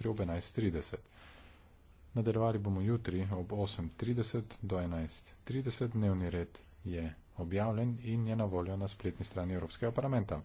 jutri ob 11.30. Nadaljevali bomo jutri ob 8.30 do 11.30. Dnevni red je objavljen in je na voljo na spletni strani Evropskega parlamenta.